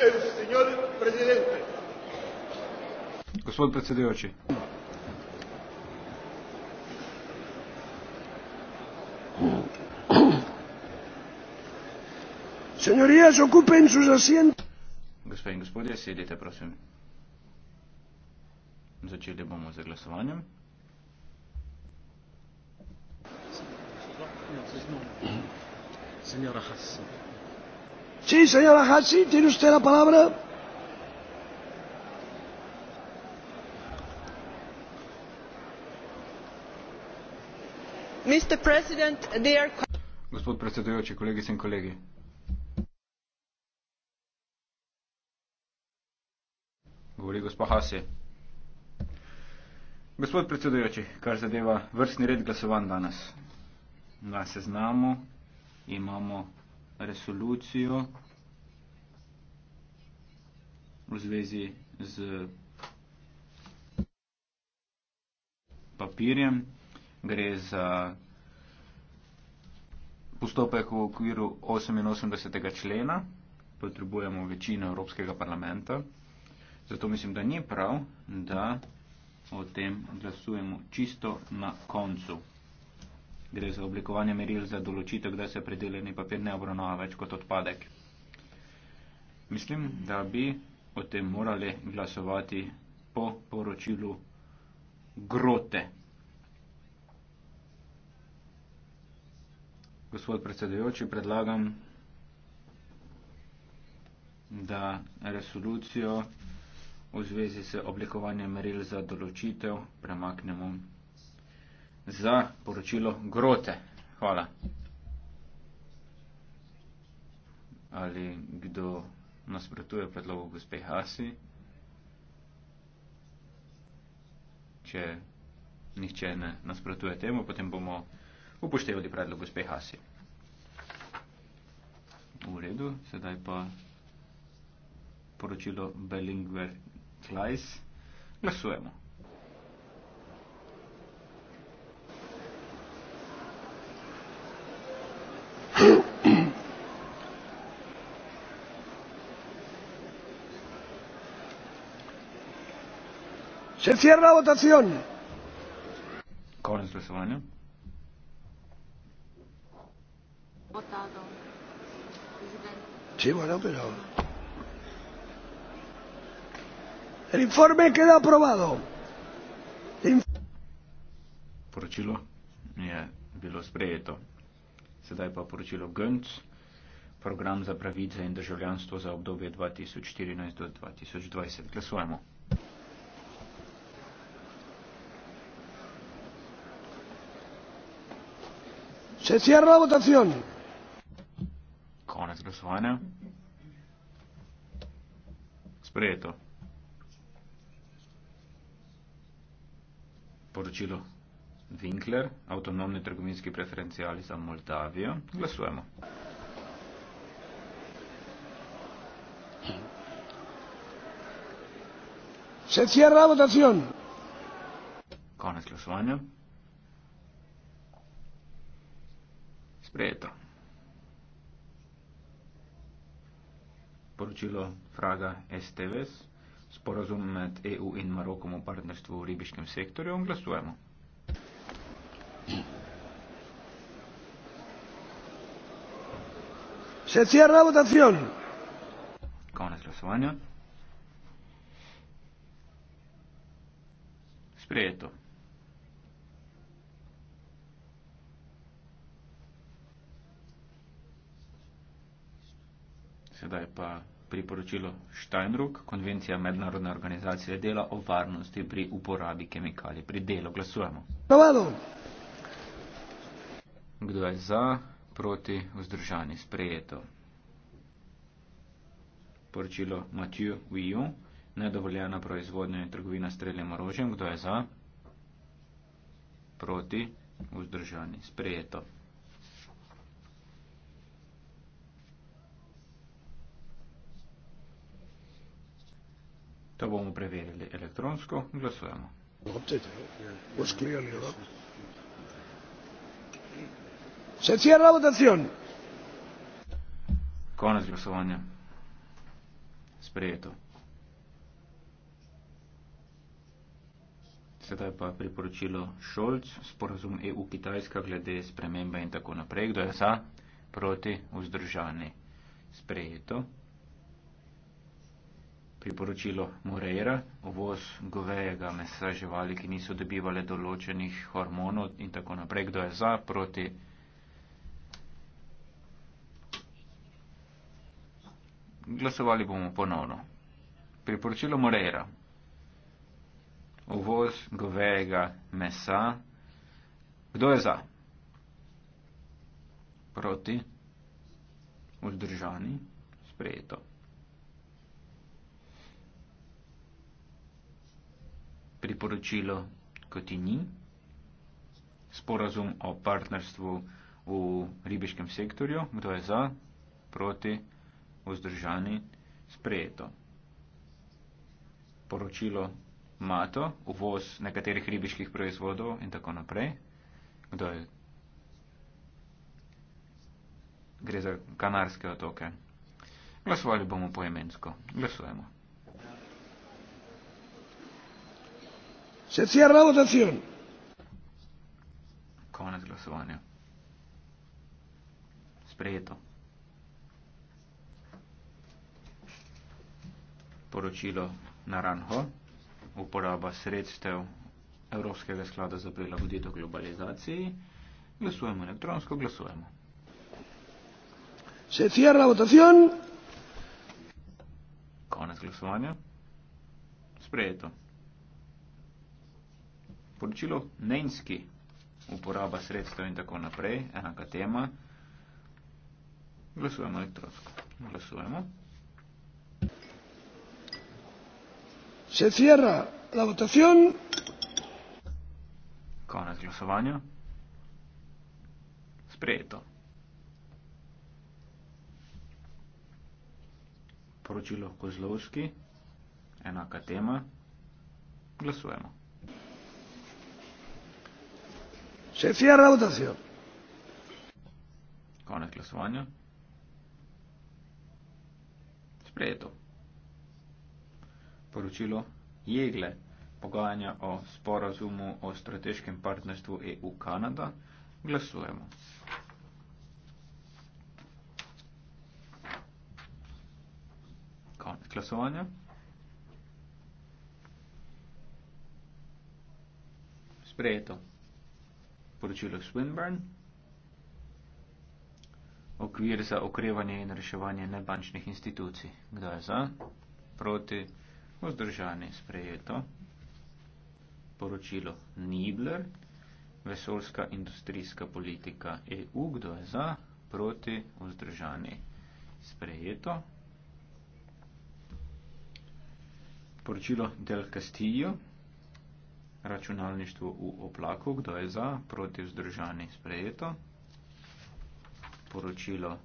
el señor presidente. Gospod predsedujoči. Señorías, ocupen sus asientos. Gospe in gospodje, sedite, prosim. Začeli bomo z glasovanjem. Señora Hassan. Sí, señora Hassi, tiene usted la palabra. Mr. President, dear... Gospod predsedujoči, kolegi in kolegi. Govori gospod Hasi. Gospod predsedujoči, kar zadeva vrstni red glasovanj danes. Na seznamu imamo resolucijo v zvezi z papirjem. Gre za postopek v okviru 88. člena, potrebujemo večino Evropskega parlamenta, zato mislim, da ni prav, da o tem glasujemo čisto na koncu. Gre za oblikovanje meril za določitev, kdaj se predeljeni papir ne obravnava več kot odpadek. Mislim, da bi o tem morali glasovati po poročilu grote. Gospod predsedujoči, predlagam, da resolucijo v zvezi s oblikovanjem meril za določitev premaknemo za poročilo grote. Hvala. Ali kdo nasprotuje predlogu gospe Hasi? Če nihče ne nasprotuje temu, potem bomo upoštevali predlog gospe Hasi. V redu, sedaj pa poročilo Bellingwer Kleis. Glasujemo. Ja. Se cierra la votación. Con el testimonio. Votado. Sí, bueno, pero. El informe queda aprobado. Inf poročilo je bilo sprejeto. Sedaj pa poročilo GUNC, program za pravice in državljanstvo za obdobje 2014-2020. Glasujemo. Se cierra la votación. Konec glasovanja. Sprejeto. Poročilo Winkler, avtonomni trgovinski preferencijali za Moldavijo. Glasujemo. Se cierra la votación. Konec glasovanja. sprejeto. Poročilo Fraga STVS, sporozum med EU in Marokom o partnerstvu v ribiškem sektorju, glasujemo. Se cierra votación. Konec glasovanja. Sprejeto. sedaj pa priporočilo Steinruck, konvencija mednarodne organizacije dela o varnosti pri uporabi kemikalij pri delu. Glasujemo. Pravalo. Kdo je za, proti, vzdržani, sprejeto? Poročilo Matiju Viju, nedovoljena proizvodnja in trgovina streljem orožjem. Kdo je za, proti, vzdržani, sprejeto? To bomo preverili elektronsko. Glasujemo. Se cierra la votación. Konec glasovanja. Sprejeto. Sedaj pa priporočilo Šolc, sporozum EU Kitajska glede spremembe in tako naprej. Kdo je za? Proti vzdržani. Sprejeto priporočilo Moreira, uvoz govejega mesa živali, ki niso dobivale določenih hormonov in tako naprej, kdo je za, proti. Glasovali bomo ponovno. Priporočilo Moreira. Uvoz govejega mesa. Kdo je za? Proti. Vzdržani. Sprejeto. priporočilo Kotini, sporazum o partnerstvu v ribiškem sektorju, kdo je za, proti, vzdržani, sprejeto. Poročilo Mato, uvoz nekaterih ribiških proizvodov in tako naprej, kdo je. Gre za kanarske otoke. Glasovali bomo poemensko. Glasujemo. Se cierra la votación. Konec glasovanja. Sprejeto. Poročilo naranjo, uporaba sredstev Evropskega sklada za prilagoditev globalizaciji. Glasujemo elektronsko, glasujemo. Se cierra votación. Konec glasovanja. Sprejeto poročilo Nenski, uporaba sredstev in tako naprej, enaka tema. Glasujemo elektronsko. Glasujemo. Se cierra la votación. Konec glasovanja. Sprejeto. Poročilo Kozlovski, enaka tema. Glasujemo. Se cierra a votación. Konec glasovanja. Sprejeto. Poročilo Jegle. Pogajanja o sporazumu o strateškem partnerstvu EU-Kanada. Glasujemo. Konec glasovanja. Sprejeto sporočilo Swinburne, okvir za okrevanje in reševanje nebančnih institucij. Kdo je za? Proti? Vzdržani sprejeto. Poročilo Nibler, vesolska industrijska politika EU. Kdo je za? Proti? Vzdržani sprejeto. Poročilo Del Castillo, računalništvo v oplaku, kdo je za, proti vzdržani sprejeto. Poročilo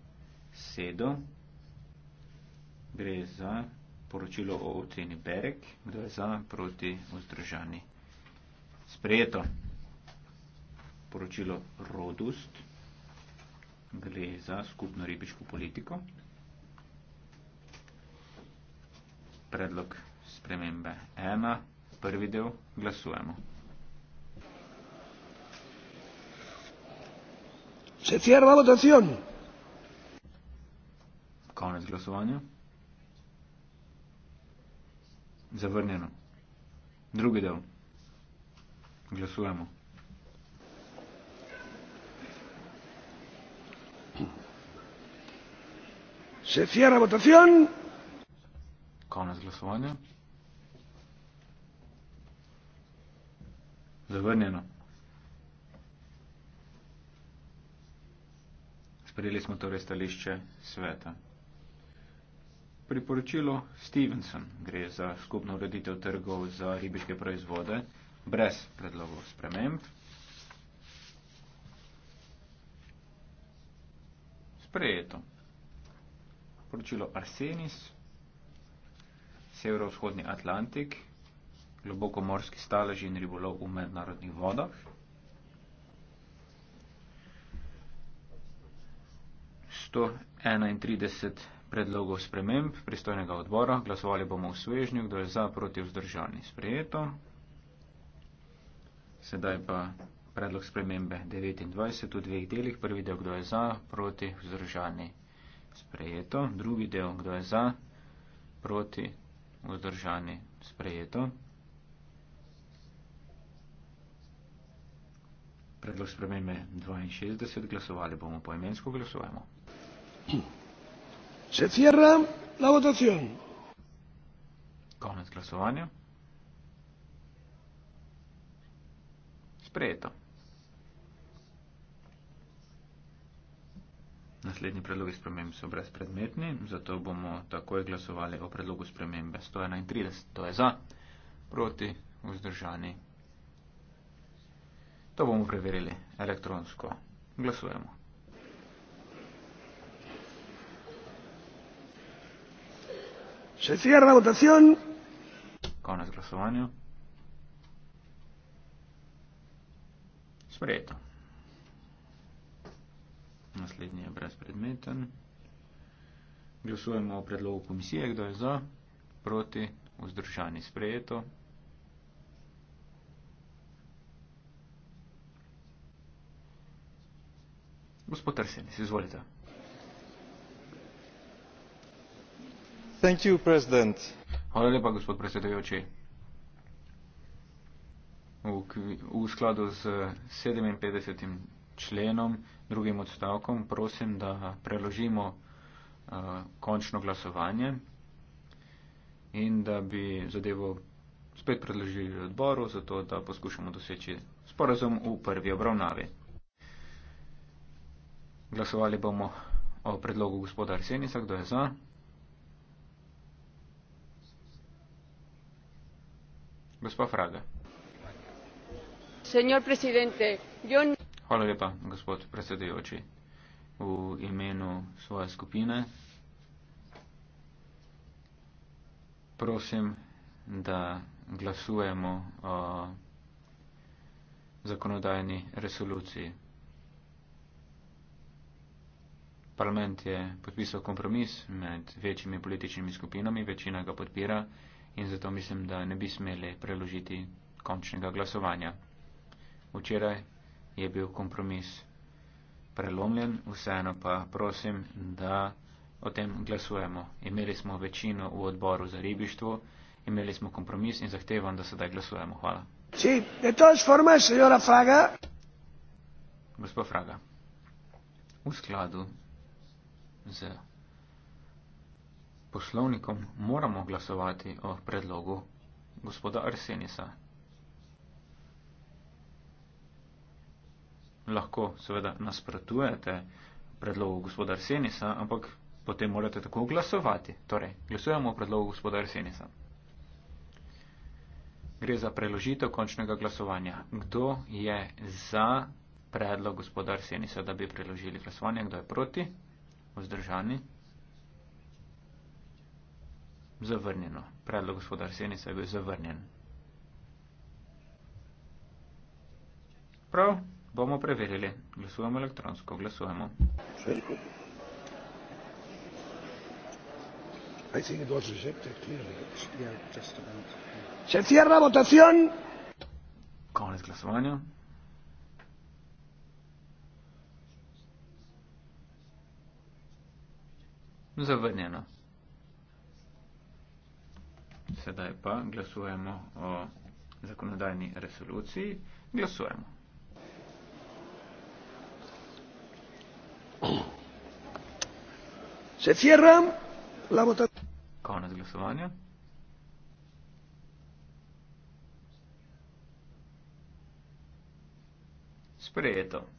sedo, gre za poročilo o oceni Berek, kdo je za, proti vzdržani sprejeto. Poročilo Rodust, gre za skupno ribiško politiko. Predlog spremembe 1 prvi del glasujemo. Se cierra votación. Konec glasovanja. Zavrnjeno. Drugi del. Glasujemo. Se cierra votación. Konec glasovanja. zavrnjeno. Sprejeli smo torej stališče sveta. Priporočilo Stevenson gre za skupno ureditev trgov za ribiške proizvode brez predlogov sprememb. Sprejeto. Poročilo Arsenis, severovzhodni Atlantik, globokomorski staleži in ribolov v mednarodnih vodah. Sto 31 predlogov sprememb pristojnega odbora, glasovali bomo v svežnju, kdo je za proti vzdržalni sprejeto. Sedaj pa predlog spremembe 29 v dveh delih. Prvi del, kdo je za proti vzdržalni sprejeto. Drugi del, kdo je za proti vzdržalni sprejeto. predlog spremembe 62, glasovali bomo po imensko, glasujemo. Se cierra la votación. Konec glasovanja. Sprejeto. Naslednji predlogi sprememb so brezpredmetni, zato bomo takoj glasovali o predlogu spremembe 131. To je za, proti, vzdržani, To bomo preverili elektronsko. Glasujemo. Se cierra votación. Konec glasovanja. Sprejeto. Naslednji je brezpredmeten. Glasujemo o predlogu komisije, kdo je za, proti, vzdržani sprejeto. Gospod Arsenis, izvolite. You, Hvala lepa, gospod predsedujoči. V, v skladu z 57. členom, drugim odstavkom, prosim, da preložimo uh, končno glasovanje in da bi zadevo spet predložili odboru, zato da poskušamo doseči sporazum v prvi obravnavi. Glasovali bomo o predlogu gospoda Arsenisa, kdo je za. Gospa Fraga. Hvala lepa, gospod predsedujoči. V imenu svoje skupine prosim, da glasujemo o zakonodajni resoluciji. Parlament je podpisal kompromis med večjimi političnimi skupinami, večina ga podpira in zato mislim, da ne bi smeli preložiti končnega glasovanja. Včeraj je bil kompromis prelomljen, vseeno pa prosim, da o tem glasujemo. Imeli smo večino v odboru za ribištvo, imeli smo kompromis in zahtevam, da sedaj glasujemo. Hvala. Sí, de todas formas, señora Fraga. Gospod Fraga, v skladu z poslovnikom moramo glasovati o predlogu gospoda Arsenisa. Lahko seveda nasprotujete predlogu gospoda Arsenisa, ampak potem morate tako glasovati. Torej, glasujemo o predlogu gospoda Arsenisa. Gre za preložitev končnega glasovanja. Kdo je za predlog gospoda Arsenisa, da bi preložili glasovanje, kdo je proti? vzdržani. Zavrnjeno. Predlog gospoda Arsenisa je bil zavrnjen. Prav, bomo preverili. Glasujemo elektronsko, glasujemo. Željko. I think it was rejected clearly. Yeah, just about. Yeah. Se cierra votación. Konec glasovanja. Zavrnjeno. Sedaj pa glasujemo o zakonodajni resoluciji. Glasujemo. Se cierram la votación. Konec glasovanja. Sprejeto.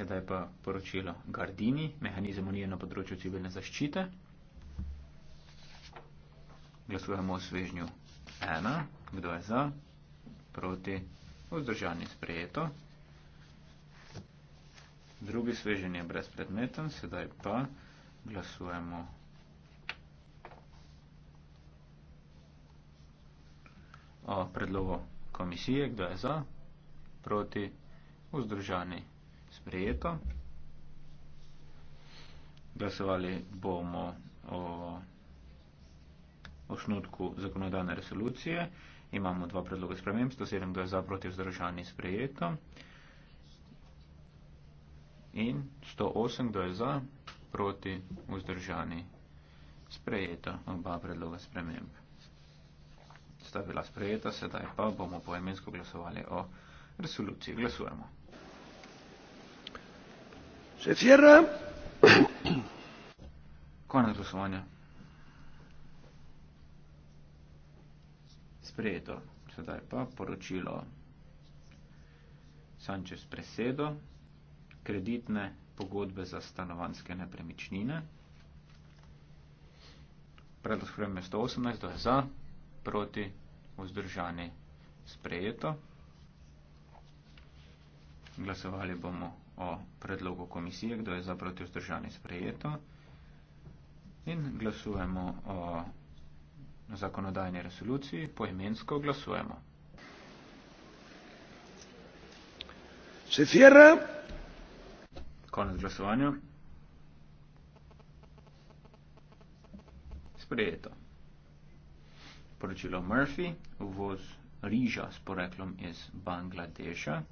sedaj pa poročilo Gardini, mehanizem unije na področju civilne zaščite. Glasujemo o svežnju 1. Kdo je za? Proti? Vzdržanje sprejeto. Drugi svežen je brezpredmeten, sedaj pa glasujemo o predlogu komisije, kdo je za, proti, vzdržani sprejeto. Glasovali bomo o osnutku zakonodajne resolucije. Imamo dva predloga sprememb, 107 za proti vzdržani sprejeto in 108 kdo je za proti vzdržani sprejeto oba predloga sprememb. Sta bila sprejeta, sedaj pa bomo poemensko glasovali o resoluciji. Glasujemo. Se cierra. Konec glasovanja. Sprejeto. Sedaj pa poročilo Sančez presedo, kreditne pogodbe za stanovanske nepremičnine. Predlog spremembe 118 je za, proti, vzdržani, sprejeto. Glasovali bomo o predlogu komisije, kdo je za proti vzdržanje sprejeto in glasujemo o zakonodajni resoluciji, poimensko glasujemo. Se cierra. Konec glasovanja. Sprejeto. Poročilo Murphy, uvoz riža s poreklom iz Bangladeša.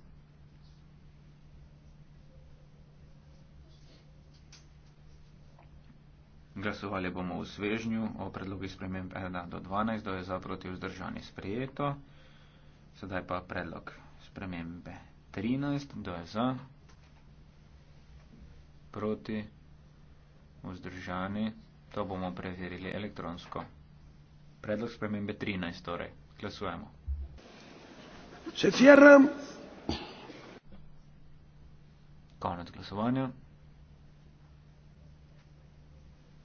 Glasovali bomo v svežnju o predlogi sprememb 1 do 12, da je za proti vzdržani sprejeto. Sedaj pa predlog spremembe 13, da je za proti vzdržani. To bomo preverili elektronsko. Predlog spremembe 13, torej. Glasujemo. Se cierram. Konec glasovanja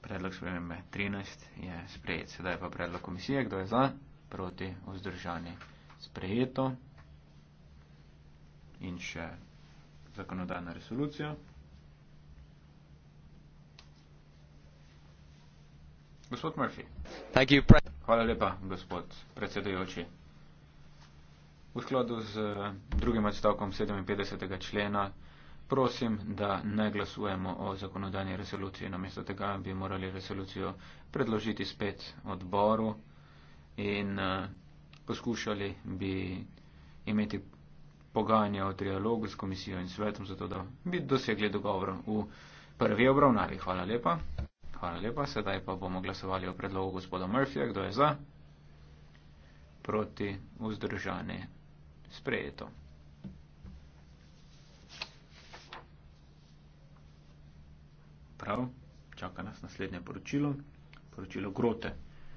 predlog spremembe 13 je sprejet. Sedaj pa predlog komisije, kdo je za, proti, vzdržani, sprejeto in še zakonodajna resolucija. Gospod Murphy. Hvala lepa, gospod predsedujoči. V skladu z drugim odstavkom 57. člena prosim, da ne glasujemo o zakonodajni resoluciji. Namesto tega bi morali resolucijo predložiti spet odboru in eh, poskušali bi imeti pogajanja o trialogu s komisijo in svetom, zato da bi dosegli dogovor v prvi obravnavi. Hvala lepa. Hvala lepa. Sedaj pa bomo glasovali o predlogu gospoda Murphyja. Kdo je za? Proti vzdržanje. Sprejeto. Prav, čaka nas naslednje poročilo, poročilo Grote,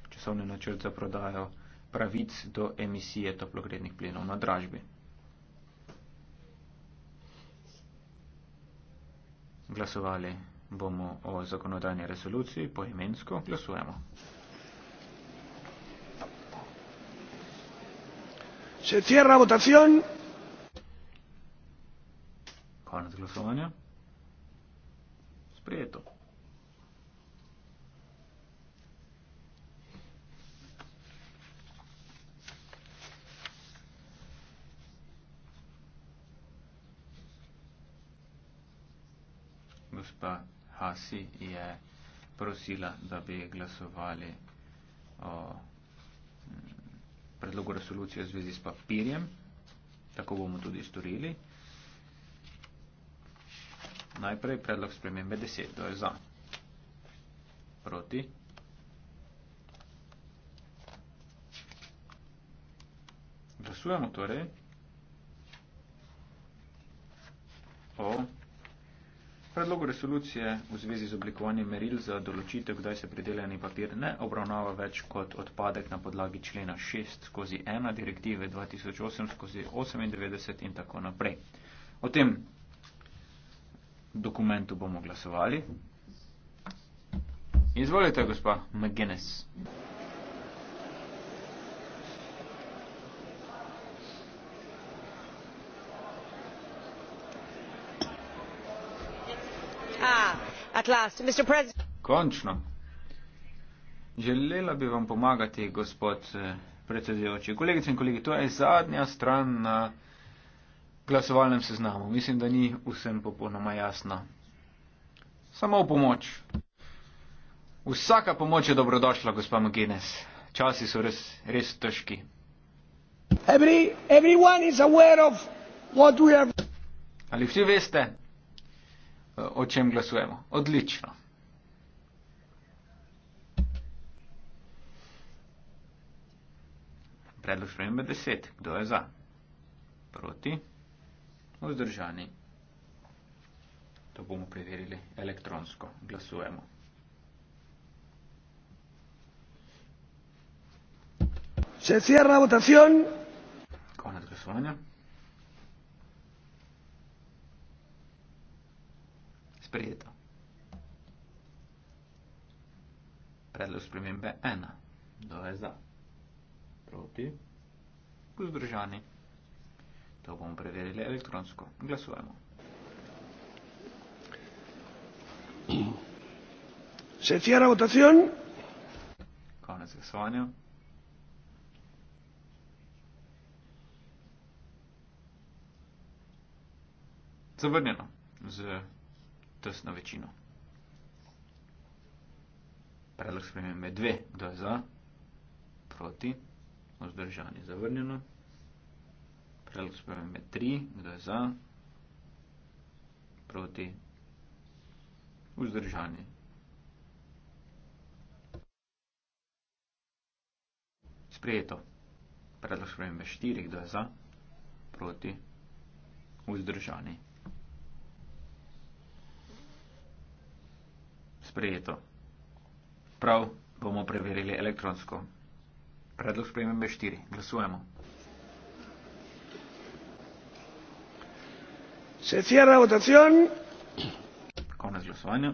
časovni načrt za prodajo pravic do emisije toplogrednih plinov na dražbi. Glasovali bomo o zakonodajni resoluciji, poimensko glasujemo. Se cierra votación. Con la sprejeto. Gospa Hasi je prosila, da bi glasovali o mm, predlogu resolucije v zvezi s papirjem. Tako bomo tudi storili. Najprej predlog spremembe 10, to je za. Proti. Glasujemo torej o predlogu resolucije v zvezi z oblikovanjem meril za določitev, kdaj se pridelani papir ne obravnava več kot odpadek na podlagi člena 6 skozi 1 direktive 2008 skozi 98 in tako naprej. O tem dokumentu bomo glasovali. Izvolite, gospa McGuinness. Ah, Končno. Želela bi vam pomagati, gospod eh, predsedujoči. Kolegice in kolegi, to je zadnja stran na. Uh, eh, glasovalnem seznamu. Mislim, da ni vsem popolnoma jasno. Samo v pomoč. Vsaka pomoč je dobrodošla, gospa McGuinness. Časi so res, res težki. Every, have... Ali vsi veste, eh, o čem glasujemo? Odlično. Predlog spremembe 10. Kdo je za? Proti? vzdržani. To bomo preverili elektronsko. Glasujemo. Se cierra votación. Konec glasovanja. Sprejeto. Predlog spremembe ena. Kdo je za? Proti? Vzdržani. To bomo preverili elektronsko. Glasujemo. Se cierra votación. Konec glasovanja. Zavrnjeno z tesno večino. Predlog spremembe dve. Kdo je za? Proti. Vzdržanje zavrnjeno. Predlog spremembe je 3, kdo je za, proti, vzdržani. Sprejeto. Predlog spremembe je 4, kdo je za, proti, vzdržani. Sprejeto. Prav bomo preverili elektronsko. Predlog spremembe je 4, glasujemo. Se cierra la votación. Konec glasovanja.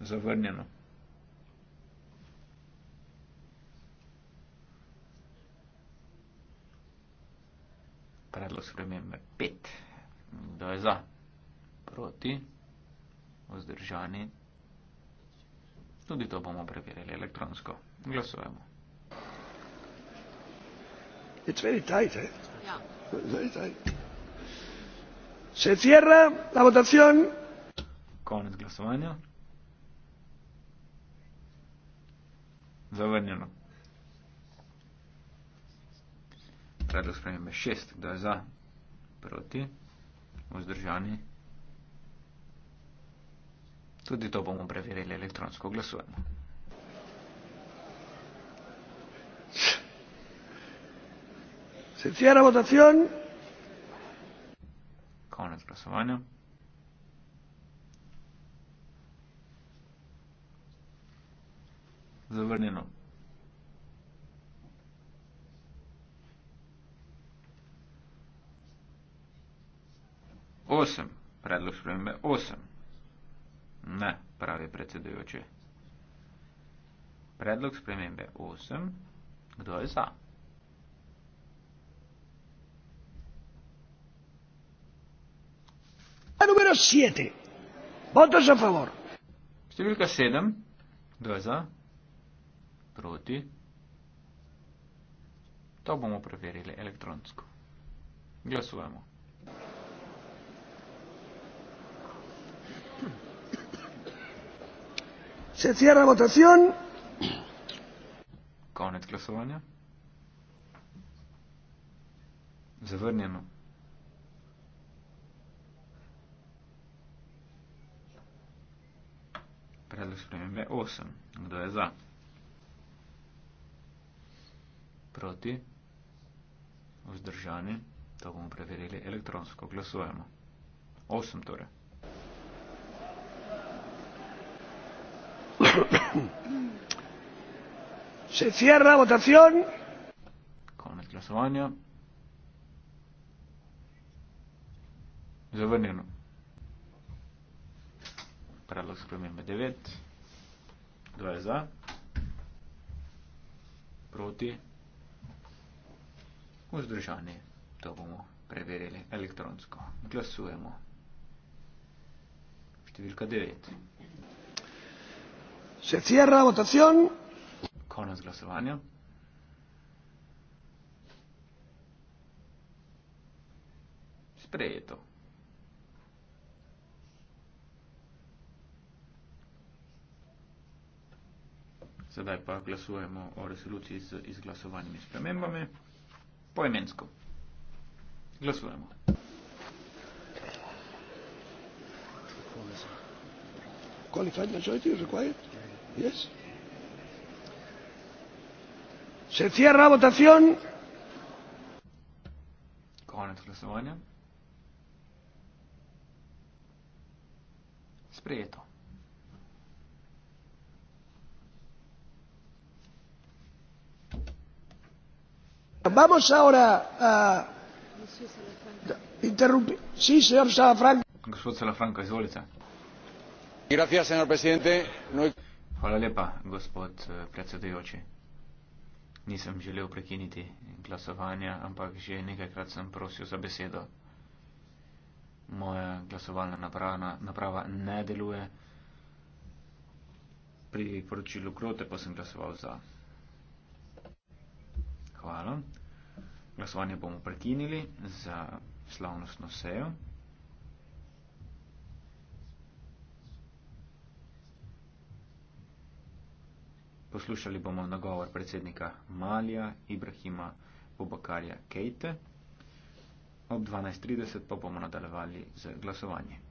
Zavrnjeno. Predlog spremembe 5. Kdo je za? Proti? Vzdržani? Tudi to bomo preverili elektronsko. Glasujemo. It's very tight, eh? se cierra la votación konec glasovanja zavrnjeno predlog sprejme šest kdo je za proti vzdržani tudi to bomo preverili elektronsko glasovanje Se cierra votación. Konec glasovanja. Zavrnjeno. Osem. Predlog spremembe osem. Ne, pravi predsedujoče. Predlog spremembe osem. Kdo je za? siete. Votos a favor. Številka sedem. Dve za. Proti. To bomo preverili elektronsko. Glasujemo. Se cierra votación. Konec glasovanja. Zavrnjeno. Predlog spremembe 8. Kdo je za? Proti? Vzdržani? To bomo preverili elektronsko. Glasujemo. 8 torej. Se cierra votación. Konec glasovanja. Zavrnjeno predlog spremembe 9. Kdo je za? Proti? Vzdržanje. To bomo preverili elektronsko. Glasujemo. Številka 9. Se cierra votación. Konec glasovanja. Sprejeto. Sedaj pa glasujemo o resoluciji z izglasovanimi spremembami. Poemensko. Glasujemo. Qualified majority required? Yes. Se cierra votación. Konec glasovanja. Sprejeto. Vamos ahora a interrumpir. Sí, señor Salafranca. Gracias, señor presidente. No Hvala lepa, gospod eh, predsedujoči. Nisem želel prekiniti glasovanja, ampak že nekajkrat sem prosil za besedo. Moja glasovalna naprava ne deluje. Pri poročilu Krote pa sem glasoval za. Hvala. Glasovanje bomo prekinili za slavnostno sejo. Poslušali bomo nagovor predsednika Malija Ibrahima Bobakarja Kejte. Ob 12.30 pa bomo nadaljevali z glasovanjem.